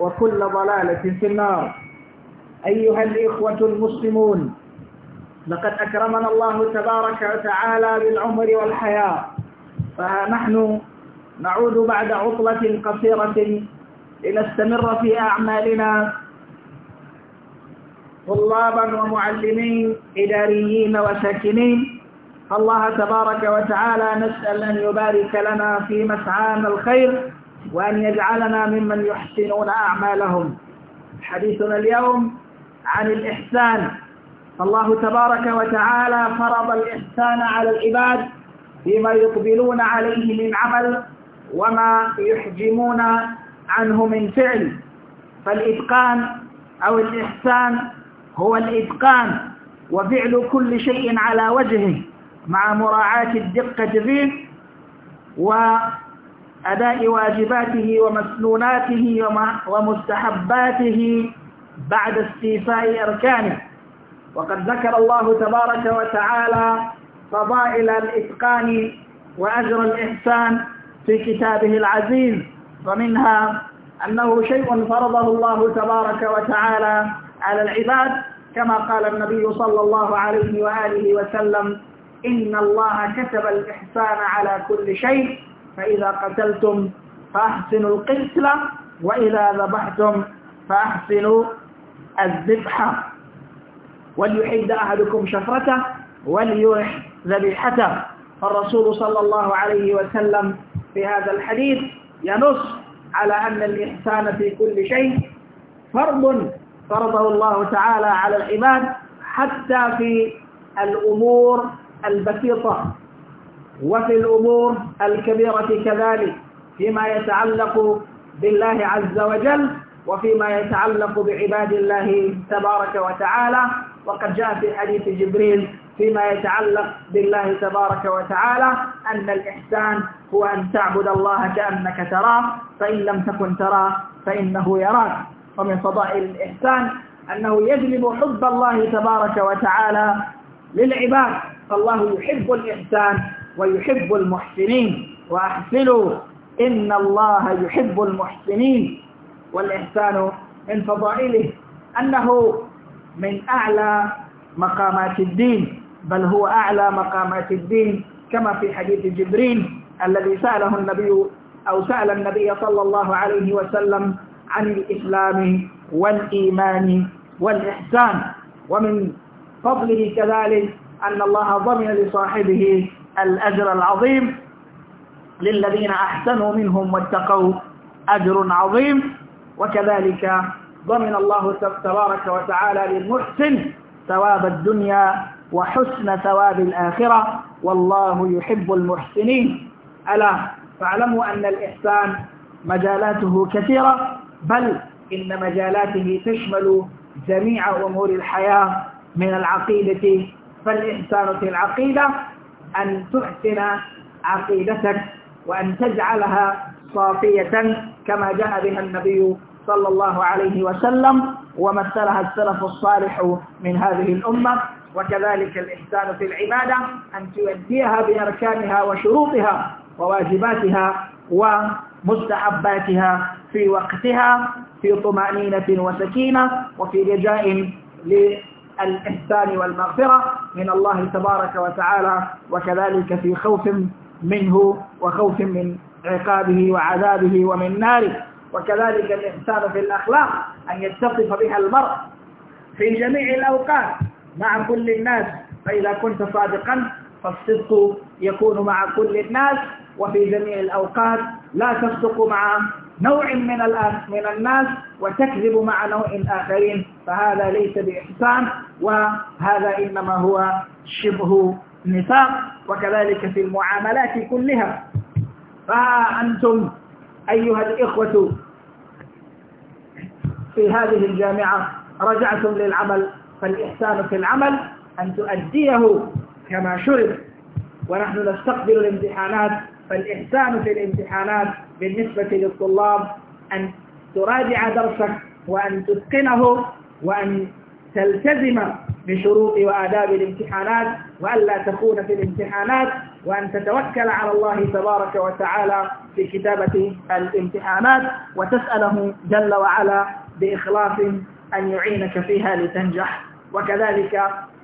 وكل ضلالة في النار أيها الإخوة المسلمون لقد أكرمنا الله تبارك وتعالى بالعمر والحياة فنحن نعود بعد عطلة قصيرة لنستمر في أعمالنا طلابا ومعلمين إداريين وساكنين الله تبارك وتعالى نسأل أن يبارك لنا في مسعانا الخير وأن يجعلنا ممن يحسنون أعمالهم حديثنا اليوم عن الإحسان الله تبارك وتعالى فرض الإحسان على العباد بما يقبلون عليه من عمل وما يحجمون عنه من فعل فالإتقان أو الإحسان هو الإتقان وفعل كل شيء على وجهه مع مراعاة الدقة فيه و أداء واجباته ومسنوناته ومستحباته بعد استيفاء أركانه وقد ذكر الله تبارك وتعالى فضائل الإتقان وأجر الإحسان في كتابه العزيز ومنها أنه شيء فرضه الله تبارك وتعالى على العباد كما قال النبي صلى الله عليه وآله وسلم إن الله كتب الإحسان على كل شيء فإذا قتلتم فأحسنوا القتلة وإذا ذبحتم فأحسنوا الذبحة وليحد أحدكم شفرته وليرح ذبيحته فالرسول صلى الله عليه وسلم في هذا الحديث ينص على أن الإحسان في كل شيء فرض فرضه الله تعالى على العباد حتى في الأمور البسيطة وفي الأمور الكبيرة كذلك فيما يتعلق بالله عز وجل وفيما يتعلق بعباد الله تبارك وتعالى وقد جاء في حديث جبريل فيما يتعلق بالله تبارك وتعالى أن الإحسان هو أن تعبد الله كأنك تراه فإن لم تكن تراه فإنه يراك ومن فضائل الإحسان أنه يجلب حب الله تبارك وتعالى للعباد فالله يحب الإحسان ويحب المحسنين وأحسنوا إن الله يحب المحسنين والإحسان من فضائله أنه من أعلى مقامات الدين بل هو أعلى مقامات الدين كما في حديث جبريل الذي سأله النبي أو سأل النبي صلى الله عليه وسلم عن الإسلام والإيمان والإحسان ومن فضله كذلك أن الله ضمن لصاحبه الأجر العظيم للذين أحسنوا منهم واتقوا أجر عظيم وكذلك ضمن الله تبارك وتعالى للمحسن ثواب الدنيا وحسن ثواب الآخرة والله يحب المحسنين ألا فاعلموا أن الإحسان مجالاته كثيرة بل إن مجالاته تشمل جميع أمور الحياة من العقيدة فالإحسان في العقيدة أن تحسن عقيدتك وأن تجعلها صافية كما جاء بها النبي صلى الله عليه وسلم ومثلها السلف الصالح من هذه الأمة وكذلك الإحسان في العبادة أن تؤديها بأركانها وشروطها وواجباتها ومستحباتها في وقتها في طمأنينة وسكينة وفي رجاء الإحسان والمغفرة من الله تبارك وتعالى وكذلك في خوف منه وخوف من عقابه وعذابه ومن ناره وكذلك الإحسان في الأخلاق أن يتصف بها المرء في جميع الأوقات مع كل الناس فإذا كنت صادقا فالصدق يكون مع كل الناس وفي جميع الأوقات لا تصدق مع نوع من من الناس وتكذب مع نوع آخرين فهذا ليس بإحسان وهذا إنما هو شبه نفاق وكذلك في المعاملات كلها فأنتم أيها الإخوة في هذه الجامعة رجعتم للعمل فالإحسان في العمل أن تؤديه كما شرب ونحن نستقبل الامتحانات فالإحسان في الامتحانات بالنسبة للطلاب أن تراجع درسك وأن تتقنه وأن تلتزم بشروط وآداب الامتحانات وألا تكون في الامتحانات وأن تتوكل على الله تبارك وتعالى في كتابة الامتحانات وتسأله جل وعلا بإخلاص أن يعينك فيها لتنجح وكذلك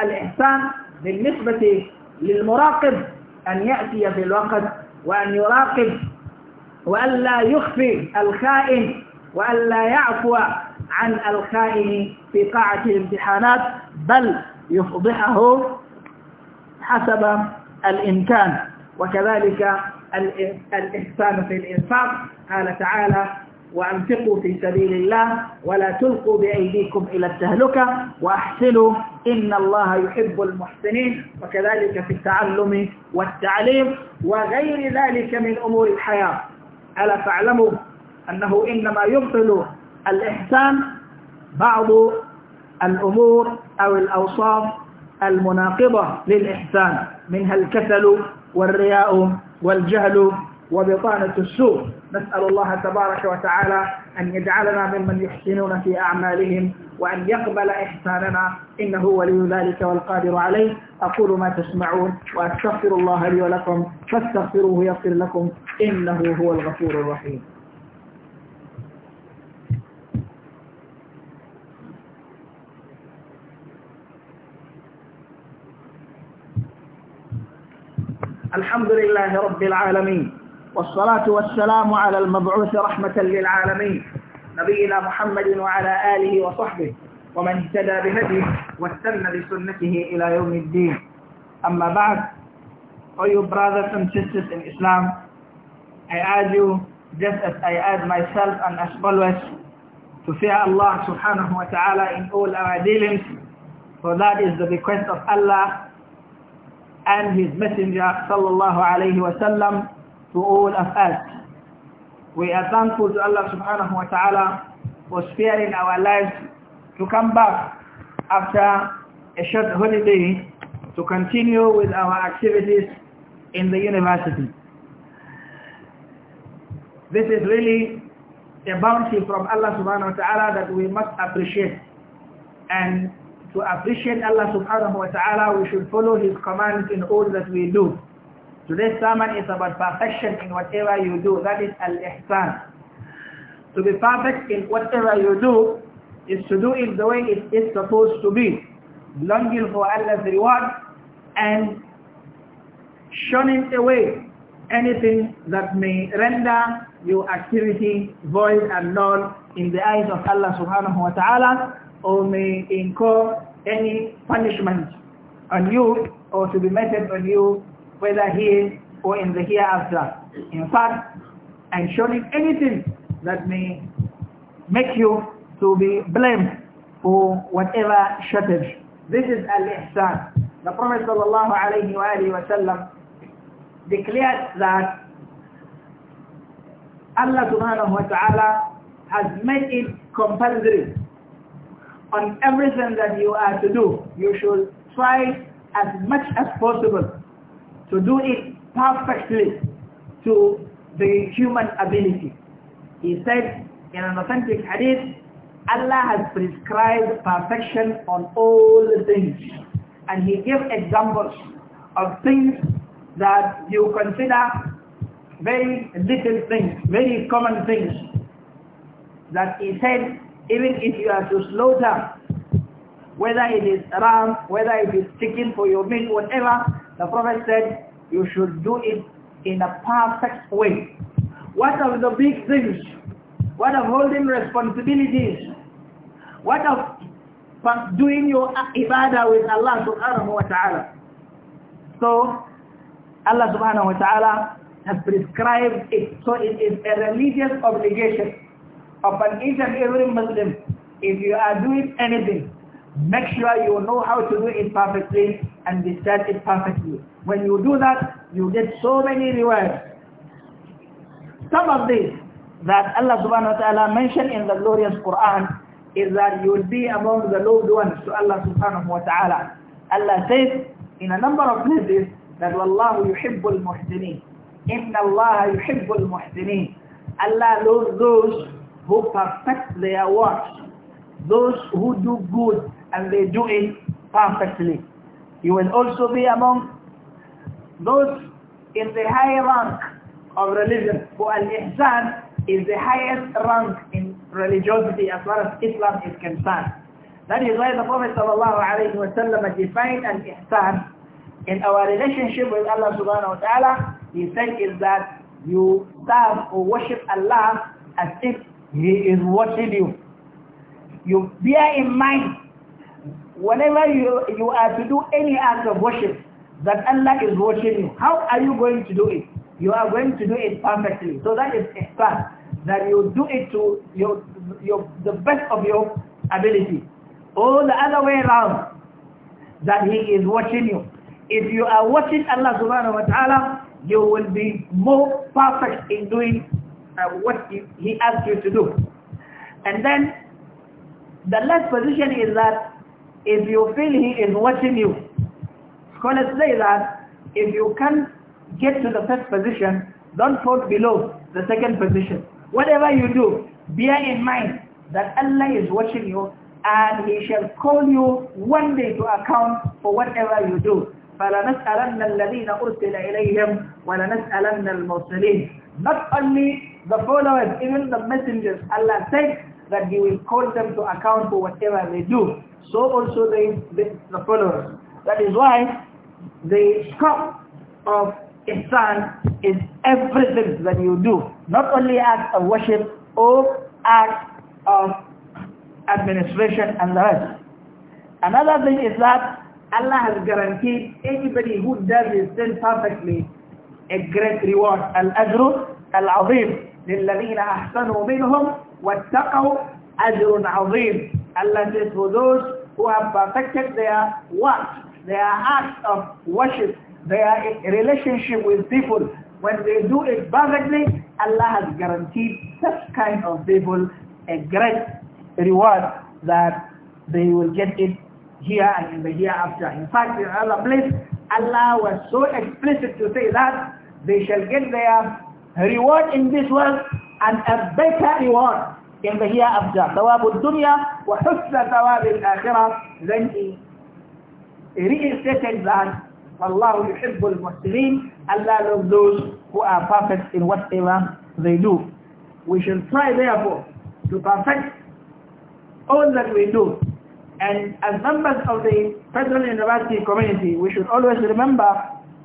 الإحسان بالنسبة للمراقب أن يأتي في الوقت وأن يراقب وألا يخفي الخائن وألا يعفو عن الخائن في قاعة الامتحانات بل يفضحه حسب الإمكان وكذلك الإحسان في الإنفاق قال تعالى وأنفقوا في سبيل الله ولا تلقوا بأيديكم إلى التهلكة وأحسنوا إن الله يحب المحسنين وكذلك في التعلم والتعليم وغير ذلك من أمور الحياة ألا فاعلموا أنه إنما يبطل الإحسان بعض الأمور أو الأوصاف المناقضة للإحسان منها الكسل والرياء والجهل وبطانة السوء نسأل الله تبارك وتعالى أن يجعلنا ممن يحسنون في أعمالهم وأن يقبل إحساننا إنه ولي ذلك والقادر عليه أقول ما تسمعون وأستغفر الله لي ولكم فاستغفروه يغفر لكم إنه هو الغفور الرحيم الحمد لله رب العالمين والصلاة والسلام على المبعوث رحمة للعالمين نبينا محمد وعلى آله وصحبه ومن اهتدى بهديه واستنى بسنته إلى يوم الدين أما بعد أيها you brothers and sisters in Islam I urge you just as I urge myself and as always to fear Allah subhanahu wa ta'ala in all our dealings for that is the request of Allah and his messenger sallallahu alayhi wa sallam to all of us. We are thankful to Allah subhanahu wa ta'ala for sparing our lives to come back after a short holiday to continue with our activities in the university. This is really a bounty from Allah subhanahu wa ta'ala that we must appreciate. And to appreciate Allah subhanahu wa ta'ala, we should follow his commands in all that we do. Today's sermon is about perfection in whatever you do. That is al-ihsan. To be perfect in whatever you do is to do it the way it is supposed to be. Longing for Allah's reward and shunning away anything that may render your activity void and null in the eyes of Allah subhanahu wa ta'ala or may incur any punishment on you or to be meted on you whether here or in the hereafter. In fact, I'm showing anything that may make you to be blamed for whatever shortage. This is al-ihsan. The Prophet sallallahu alayhi wa declared that Allah subhanahu wa ta'ala has made it compulsory on everything that you are to do. You should try as much as possible to do it perfectly to the human ability. He said in an authentic hadith, Allah has prescribed perfection on all things. And he gave examples of things that you consider very little things, very common things. That he said, even if you are to slaughter, whether it is ram, whether it is chicken for your meat, whatever, the Prophet said, you should do it in a perfect way. What of the big things? What of holding responsibilities? What of doing your ibadah with Allah subhanahu wa ta'ala? So, Allah subhanahu wa ta'ala has prescribed it. So it is a religious obligation upon each and every Muslim. If you are doing anything, Make sure you know how to do it perfectly and discuss it perfectly. When you do that, you get so many rewards. Some of these that Allah subhanahu wa ta'ala mentioned in the glorious Quran is that you will be among the loved ones to Allah subhanahu wa ta'ala. Allah says in a number of places that Wallahu yuhibbul muhsineen. Inna Allah yuhibbul muhsineen. Allah loves those who perfect their works, those who do good, and they do it perfectly. You will also be among those in the high rank of religion. For al-ihsan is the highest rank in religiosity as far as Islam is concerned. That is why the Prophet ﷺ defined al-ihsan in our relationship with Allah subhanahu wa ta'ala. He said is that you serve or worship Allah as if He is watching you. You bear in mind whenever you, you are to do any act of worship that Allah is watching you, how are you going to do it? You are going to do it perfectly. So that is a fact that you do it to your, your, the best of your ability. Or the other way around, that He is watching you. If you are watching Allah subhanahu wa ta'ala, you will be more perfect in doing uh, what He asks you to do. And then the last position is that if you feel he is watching you, scholars say that if you can get to the first position, don't fall below the second position. Whatever you do, bear in mind that Allah is watching you and He shall call you one day to account for whatever you do. فَلَنَسْأَلَنَّ الَّذِينَ أُرْسِلَ إِلَيْهِمْ وَلَنَسْأَلَنَّ الْمُرْسِلِينَ Not only the followers, even the messengers, Allah said, that he will call them to account for whatever they do. So also the, the, the followers. That is why the scope of Ihsan is everything that you do. Not only act of worship or act of administration and the rest. Another thing is that Allah has guaranteed anybody who does his sin perfectly a great reward. Al-ajru al-azim لِلَّذِينَ أَحْسَنُوا مِنْهُمْ وَاتَّقَوْا أَجْرٌ عَظِيم Allah says for those who have perfected their work, their acts of worship, their relationship with people, when they do it perfectly, Allah has guaranteed such kind of people a great reward that they will get it here and in the hereafter. In fact, in another place, Allah was so explicit to say that they shall get their reward in this world and a better reward in the hereafter. ثواب الدنيا وحسن ثواب akhirah. then he reinstated that والله يحب المحسنين Allah loves those who are perfect in whatever they do. We should try therefore to perfect all that we do. And as members of the Federal University community, we should always remember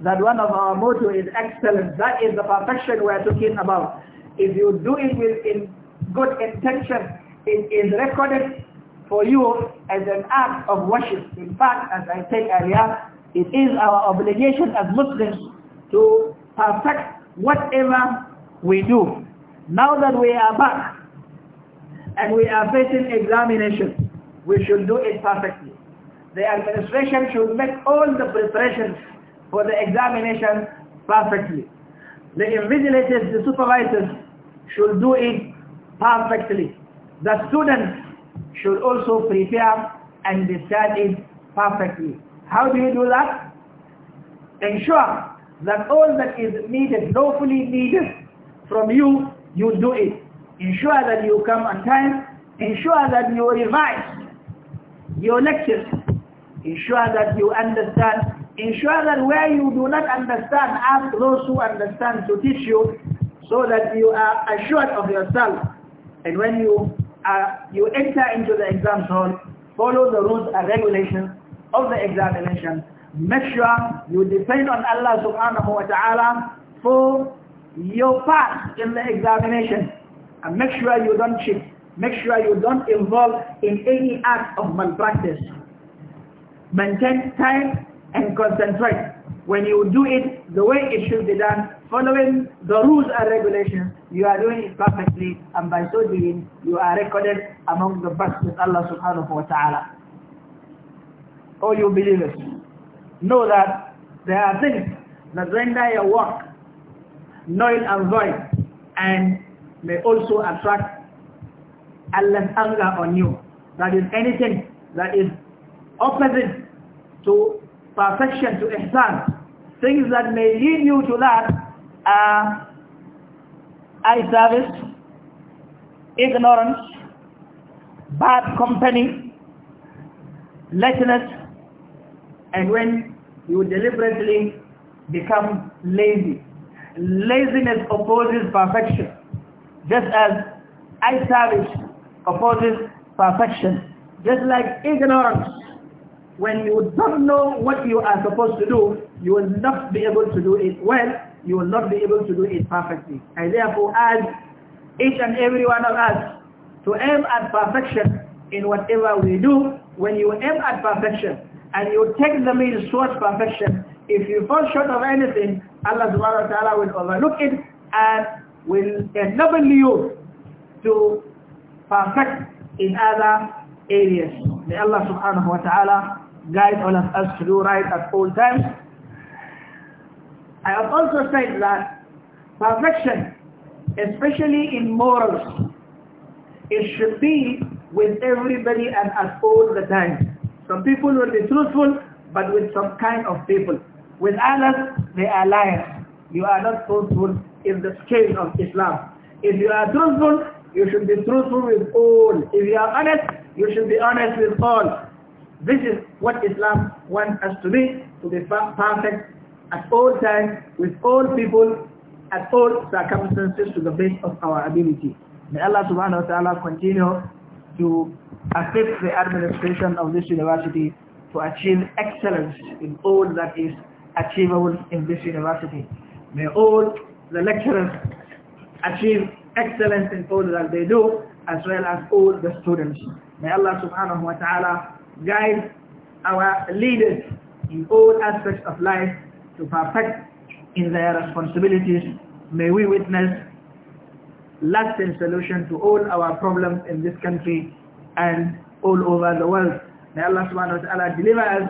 that one of our motto is excellence. That is the perfection we are talking about if you do it with in good intention, it is recorded for you as an act of worship. In fact, as I said earlier, it is our obligation as Muslims to perfect whatever we do. Now that we are back and we are facing examination, we should do it perfectly. The administration should make all the preparations for the examination perfectly. The invigilators, the supervisors should do it perfectly. The students should also prepare and decide it perfectly. How do you do that? Ensure that all that is needed, lawfully needed from you, you do it. Ensure that you come on time. Ensure that you revise your lectures. Ensure that you understand. Ensure that where you do not understand, ask those who understand to teach you so that you are assured of yourself. And when you are, uh, you enter into the exam hall, follow the rules and regulations of the examination. Make sure you depend on Allah subhanahu wa ta'ala for your part in the examination. And make sure you don't cheat. Make sure you don't involve in any act of malpractice. Maintain time and concentrate. When you do it the way it should be done, following the rules and regulations, you are doing it perfectly, and by so doing, you are recorded among the best with Allah subhanahu wa ta'ala. All you believers, know that there are things that render your work null and void, and may also attract Allah's anger on you. That is anything that is opposite to perfection, to ihsan, things that may lead you to that are eye service, ignorance, bad company, laziness, and when you deliberately become lazy. Laziness opposes perfection, just as eye service opposes perfection, just like ignorance. When you don't know what you are supposed to do, you will not be able to do it well you will not be able to do it perfectly. I therefore urge each and every one of us to aim at perfection in whatever we do. When you aim at perfection and you take the means towards perfection, if you fall short of anything, Allah subhanahu wa ta'ala will overlook it and will enable you to perfect in other areas. May Allah subhanahu wa ta'ala guide all of us to do right at all times. I have also said that perfection, especially in morals, it should be with everybody and at all the time. Some people will be truthful, but with some kind of people. With others, they are liars. You are not truthful in the scale of Islam. If you are truthful, you should be truthful with all. If you are honest, you should be honest with all. This is what Islam wants us to be, to be perfect at all times, with all people, at all circumstances to the best of our ability. May Allah subhanahu wa ta'ala continue to assist the administration of this university to achieve excellence in all that is achievable in this university. May all the lecturers achieve excellence in all that they do as well as all the students. May Allah subhanahu wa ta'ala guide our leaders in all aspects of life to perfect in their responsibilities, may we witness lasting solution to all our problems in this country and all over the world. May Allah subhanahu wa ta'ala deliver us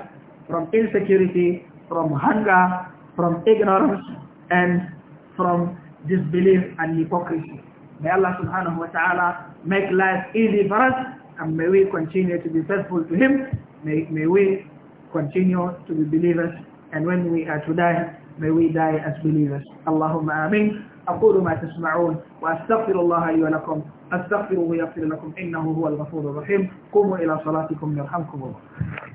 from insecurity, from hunger, from ignorance, and from disbelief and hypocrisy. May Allah subhanahu wa ta'ala make life easy for us and may we continue to be faithful to Him. May, may we continue to be believers and when we are to die may we die as believers Allahumma ameen أقول ما تسمعون وأستغفر الله لي ولكم أستغفره ويغفر لكم إنه هو الغفور الرحيم قوموا إلى صلاتكم يرحمكم الله